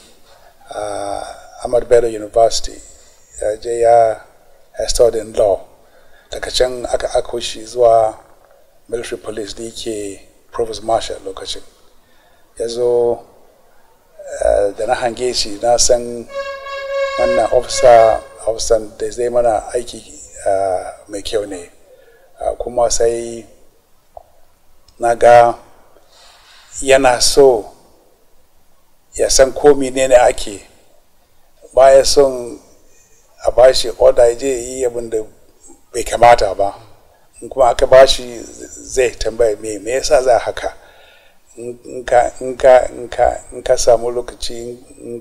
a ahmad bello university ya je ya in law daga can aka ako shi zuwa military police da yake provost marshal lokacin ya zo eh, da na hange shi na san wannan officer da zai mana aiki eh, mai kyau ne ah, kuma sai na ga yana so ya san ko ne ne ake baya son a bashi oda ya je yi abin da bai kamata ba in kuma aka bashi zai tambaya me me yasa za haka in ka samu lokaci in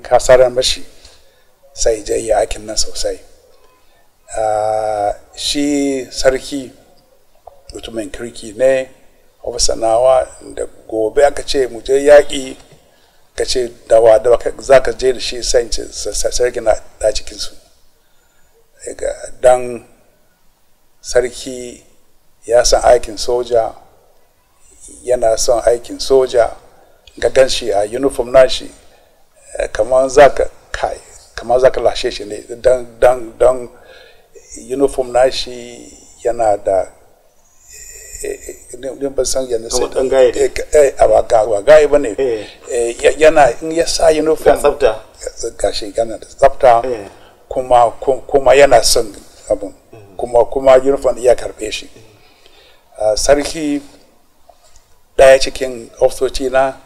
ka sarar mashi sai je yi aikin nan sosai ah, shi sarki mutumin kirki ne obasanawa da gobe aka ce mu je yaƙi ka ce dawa dawa za ka je da shi sarki na da cikinsu dan sarki ya san aikin soja yana son aikin soja ga gan shi a uniform na shi eh, kamar za ka kai kamar za ka lashe shi ne don uniform na shi yana da ban san yanzu sai dan gaye a ba ga wa ba ne. Eh. Eh, yana in ya sa uniform tsafta eh, gashi yana da tsafta kuma kuma yana son abun mm. kuma kuma uniform ya karbe shi mm. ah, sarki daya cikin ofisoci na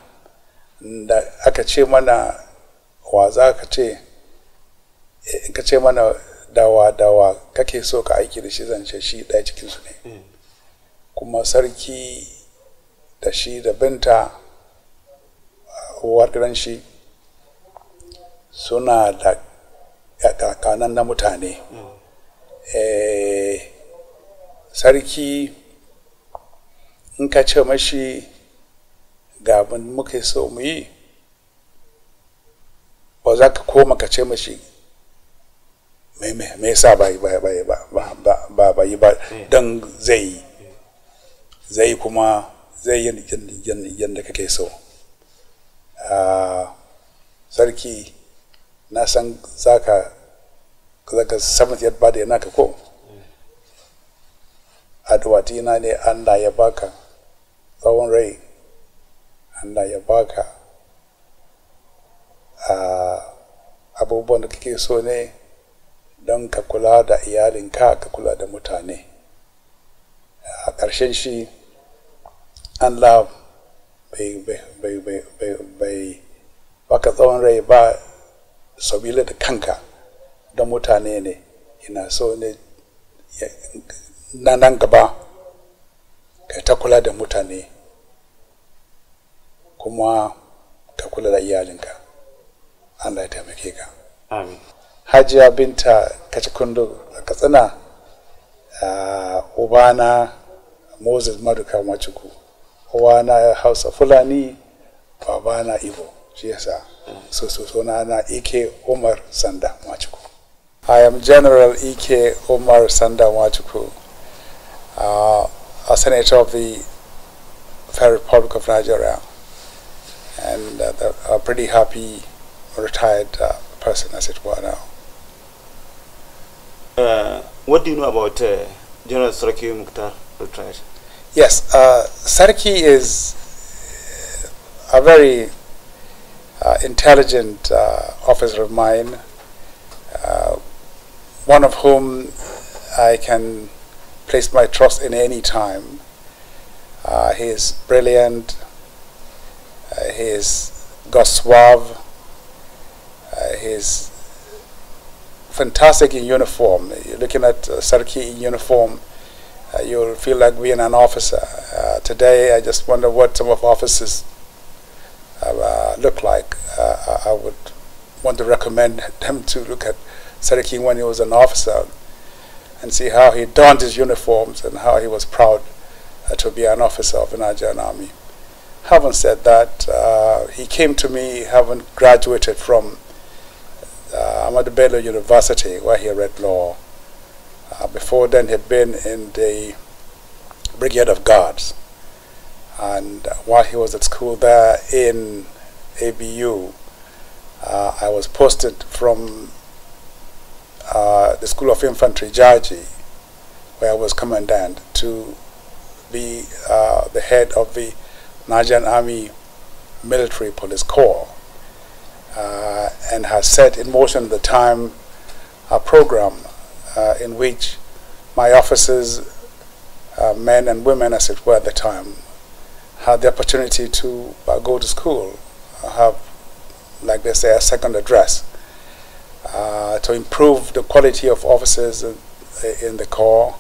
da aka ce mana wa za ka ce ka ce mana dawa dawa kake so ka aiki da shi zan ce shi daya cikin su ne mm. kuma sarki da shi da binta uwar shi suna da kakanan na mutane eh, sarki in ka ce mashi ga abin muka so mu yi ba za ka koma ka ce mashi mai sa ba yi ba ba eh. don zai yi zai kuma zai yi yadda kake so sarki na san zaka zaka samun yadda ba da yana ka ko adwatina ne da ya baka tsawon rai da ya baka abubuwan da kake so ne don ka kula da iyalinka ka kula da mutane a ƙarshen shi Allah bai bai baka tsawon rai ba sabila da kanka don mutane ne ina so ne nan gaba ka ta kula da mutane kuma ka kula da iyalinka Allah ya taimake ka hajiya binta kundu a katsina ah, ubana moses maduka machuku kowana hausa fulani babana ibo so so na ike sanda machuku i am general ike Omar sanda machuku uh, a senator of the Federal Republic of Nigeria and uh, a pretty happy retired uh, person as it were now. Uh, what do you know about uh, General Sarakiyu Mukhtar retired? Yes, uh, Sarki is a very uh, intelligent uh, officer of mine, uh, one of whom I can place my trust in any time. Uh, he is brilliant, uh, he is got suave, he is fantastic in uniform. You're looking at Sarki in uniform, uh, you'll feel like being an officer. Uh, today, I just wonder what some of officers uh, uh look like. Uh, I would want to recommend [LAUGHS] them to look at King when he was an officer and see how he donned his uniforms and how he was proud uh, to be an officer of the Nigerian army. Having said that, he came to me having graduated from uh, Ahmadu Bello University where he read law uh, before then, he'd been in the Brigade of Guards. And while he was at school there in ABU, uh, I was posted from uh, the School of Infantry, Jaji, where I was commandant, to be uh, the head of the Nigerian Army Military Police Corps uh, and has set in motion the time a program uh, in which my officers, uh, men and women as it were at the time, had the opportunity to uh, go to school, have, like they say, a second address. Uh, to improve the quality of officers in, in, the Corps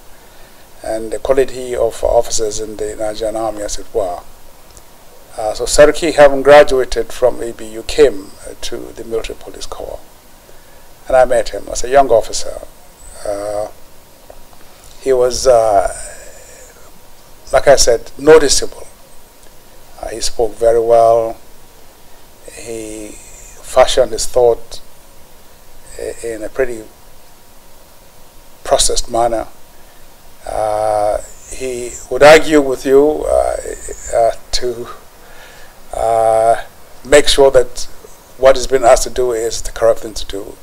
and the quality of officers in the Nigerian Army, as it were. Uh, so Sarki, having graduated from ABU, came to the Military Police Corps. And I met him as a young officer he was, uh, like I said, noticeable. Uh, he spoke very well. He fashioned his thought eh, in a pretty processed manner. Uh, he would argue with you uh, uh, to uh, make sure that what he's been asked to do is the correct thing to do.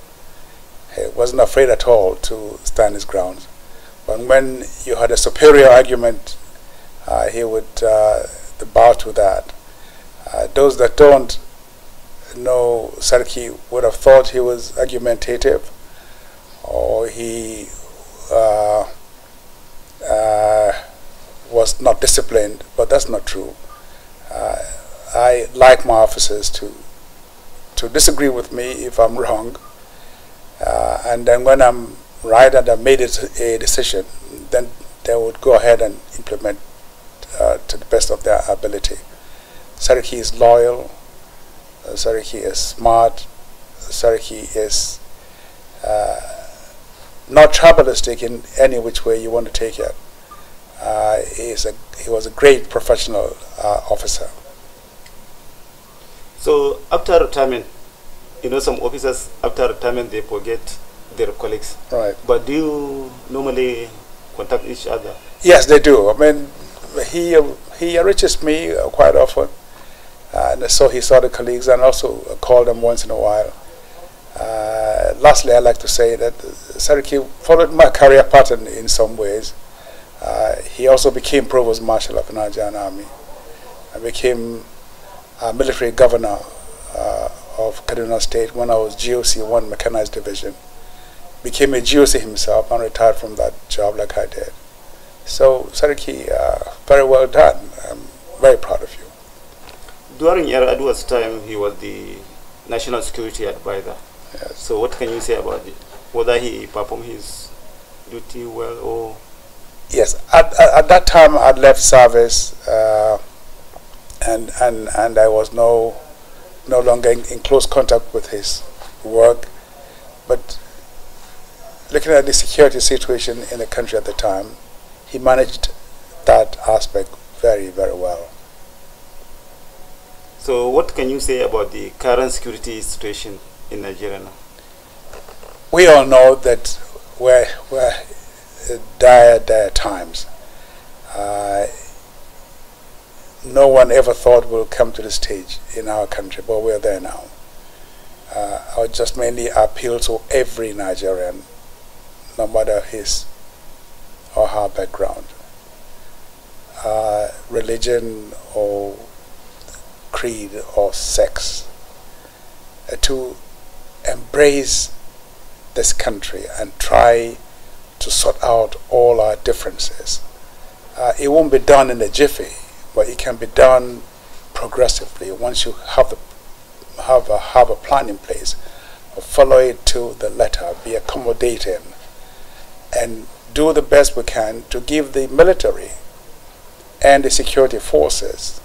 He wasn't afraid at all to stand his ground. But when you had a superior argument, uh, he would uh, bow to that. Uh, those that don't know Sarki would have thought he was argumentative or he uh, was not disciplined, but that's not true. I like my officers to to disagree with me if I'm wrong, uh, and then when I'm rider that made a decision, then they would go ahead and implement uh, to the best of their ability. Sariki is loyal, uh, is smart, Sariki is uh, not tribalistic in any which way you want to take it. Uh, a, he was a great professional uh, officer. So after retirement, you know, some officers after retirement they forget their colleagues. Right. But do you normally contact each other? Yes, they do. I mean, he he reaches me uh, quite often, uh, and so saw the colleagues, and also called them once in a while. Uh, lastly, I'd like to say that Sariki followed my career pattern in some ways. Uh, he also became Provost Marshal of the Nigerian Army and became a military governor uh, of Kaduna State when I was GOC 1 Mechanized Division became a GOC himself and retired from that job like I did. So, Sariki, uh, very well done. I'm very proud of you. During your time, he was the National Security Advisor. Yes. So, what can you say about it? Whether he performed his duty well or. Yes, at, at, at that time I'd left service uh, and, and, and I was no, no longer in, in close contact with his work. But looking at the security situation in the country at the time, he managed that aspect very, very well. So what can you say about the current security situation in Nigeria now? We all know that we're, we're dire, dire times. Uh, no one ever thought we'll come to the stage in our country, but we're there now. Uh, I would just mainly appeal to every Nigerian no matter his or her background. Uh, religion or creed or sex. Uh, to embrace this country and try to sort out all our differences. Uh, it won't be done in a jiffy, but it can be done progressively once you have a, have a, have a plan in place. Follow it to the letter, be accommodating, and do the best we can to give the military and the security forces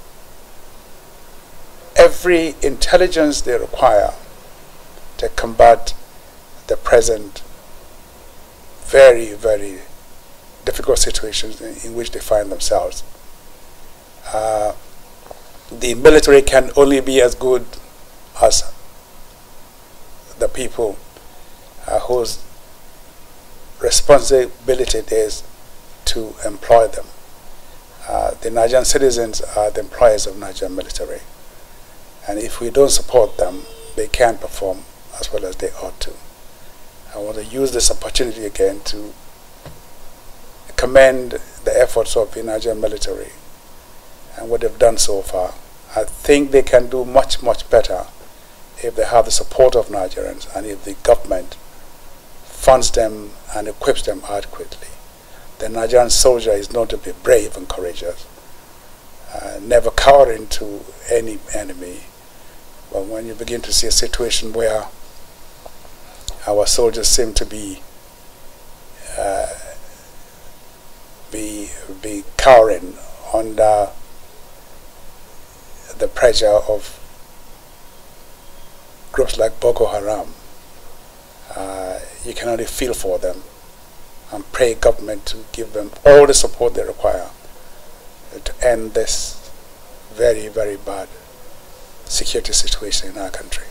every intelligence they require to combat the present very, very difficult situations in, in which they find themselves. Uh, the military can only be as good as the people uh, whose responsibility it is to employ them. Uh, the Nigerian citizens are the employers of Nigerian military. And if we don't support them, they can't perform as well as they ought to. I want to use this opportunity again to commend the efforts of the Nigerian military and what they've done so far. I think they can do much, much better if they have the support of Nigerians and if the government funds them and equips them adequately. The Nigerian soldier is known to be brave and courageous, uh, never cowering to any enemy. But when you begin to see a situation where our soldiers seem to be uh, be be cowering under the pressure of groups like Boko Haram, uh, you can only feel for them and pray government to give them all the support they require to end this very, very bad security situation in our country.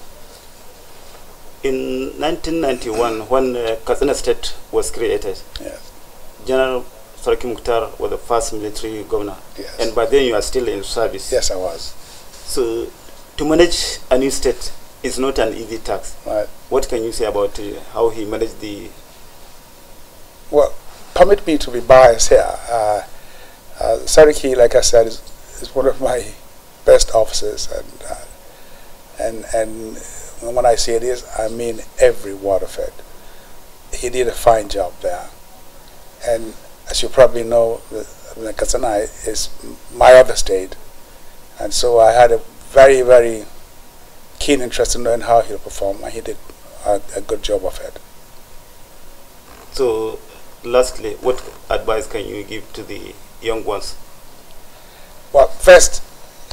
In 1991, when uh, Katsina State was created, yes. General Sarki Mukhtar was the first military governor. Yes. And by then you are still in service. Yes, I was. So to manage a new state, it's not an easy task. Right. What can you say about uh, how he managed the? Well, permit me to be biased here. Uh, uh, Sariki, like I said, is, is one of my best officers, and uh, and and when I say this, I mean every word of it. He did a fine job there, and as you probably know, Kasana is my other state, and so I had a very very keen interest in knowing how he'll perform, and he did a, a good job of it. So, lastly, what advice can you give to the young ones? Well, first,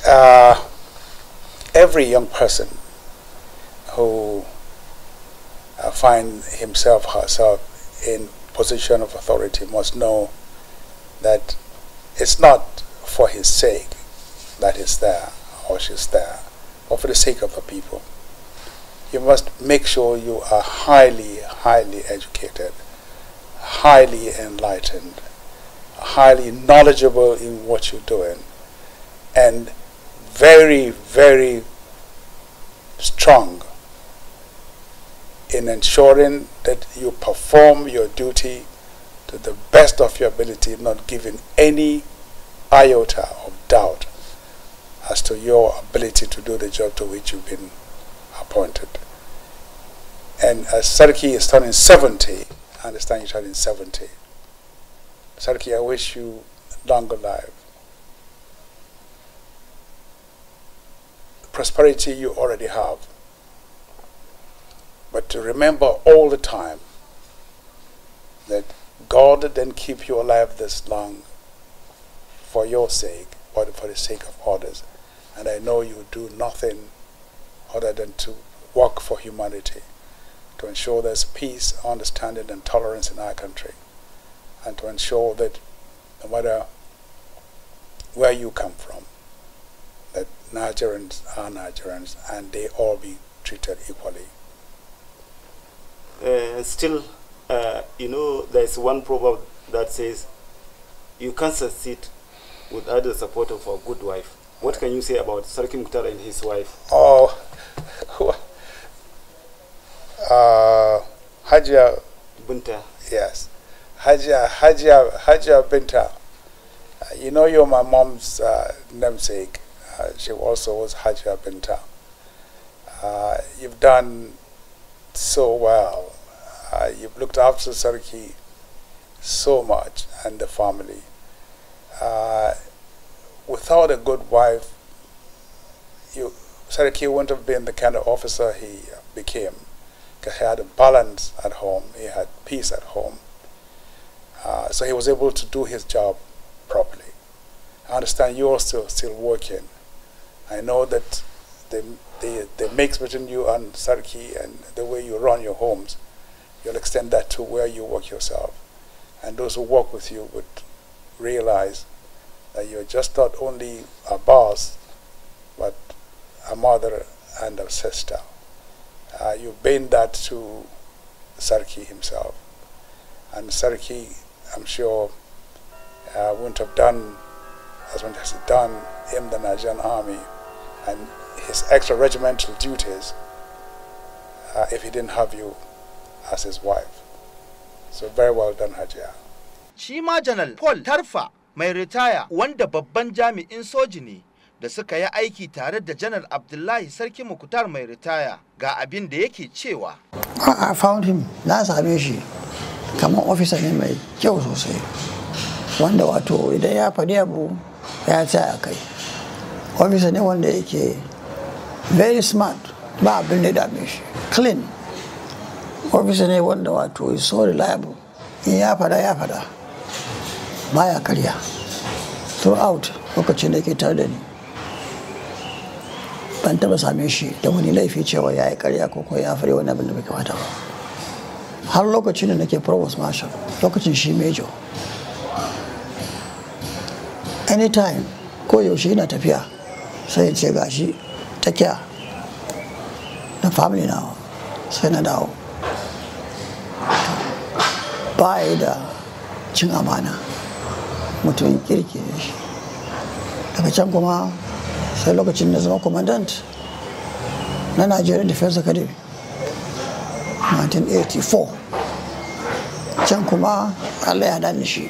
uh, every young person who uh, find himself herself in position of authority must know that it's not for his sake that he's there or she's there or for the sake of the people. You must make sure you are highly, highly educated, highly enlightened, highly knowledgeable in what you're doing, and very, very strong in ensuring that you perform your duty to the best of your ability, not giving any iota of doubt as to your ability to do the job to which you've been appointed. And as Sarki is turning 70, I understand you're turning 70. Sarki, I wish you longer life. Prosperity you already have. But to remember all the time that God didn't keep you alive this long for your sake but for the sake of others and I know you do nothing other than to work for humanity, to ensure there's peace, understanding, and tolerance in our country, and to ensure that no matter where you come from, that Nigerians are Nigerians and they all be treated equally. Uh, still, uh, you know, there's one proverb that says, you can't succeed without the support of a good wife. What can you say about Sarki Mukhtar and his wife? Oh, [LAUGHS] uh, Hajia Bunta. Yes, Hajia Hajia Hajia Binta. Uh, you know, you're my mom's uh, namesake. Uh, she also was Hajia Binta. Uh, you've done so well. Uh, you've looked after Sarki so much and the family. Uh, without a good wife, you, Sariki wouldn't have been the kind of officer he uh, became. He had a balance at home, he had peace at home. Uh, so he was able to do his job properly. I understand you're still, still working. I know that the, the, the mix between you and Sarki and the way you run your homes, you'll extend that to where you work yourself. And those who work with you would realize that you're just not only a boss, but a mother and a sister. Uh, you been that to Sarki himself. And Sarki, I'm sure, uh, wouldn't have done as much as he done in the Nigerian army and his extra regimental duties uh, if he didn't have you as his wife. So very well done, Hajia. Chima General Paul Tarfa mai ritaya wanda babban jami'in soji ne da suka yi aiki tare da janar abdullahi sarki mukutar mai ritaya ga abin da yake cewa i found him na same shi kamar ofisa ne mai kyau sosai wanda wato idan ya faɗi abu ya tsaya kai ofisa ne wanda yake very smart ba abin da dame shi clean ofisa ne wanda wato is so reliable in ya faɗa ya faɗa baya karya throughout lokacin da yake tare da ni ban taba same shi da wani laifi cewa ya yi karya ko ya fare wani abin da bai kamata ba har lokacin da nake provost marshal lokacin shi major anytime ko yaushe yana tafiya sai ce gashi ta kya na family nawa sai na dawo ba da cin amana mutum kirki shi daga can kuma sai lokacin da zama commandant na nigerian defense academy 1984 can kuma allah ya dani shi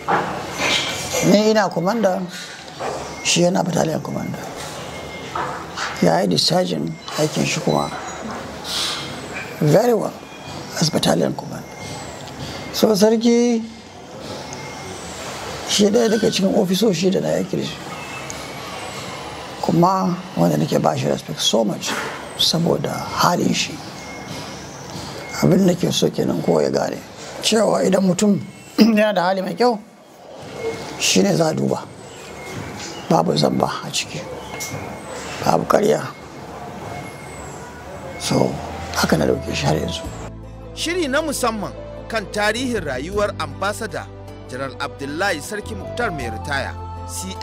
ni ina commander shi yana battalion commander ya yi sajin aikin shi kuma very well as battalion commander so sarki shi ɗaya daga cikin ofisoshi da na yake kuma wanda nake ba shi respect so much saboda halin shi abin da ke so kenan ko ya gane cewa idan mutum [CLEARS THROAT] yana da hali mai kyau shi ne za duba babu zamba a ciki babu karya so haka na dauke shi har yanzu shiri na musamman kan tarihin rayuwar ambasada jiran abdullahi sarki muktar mai ritaya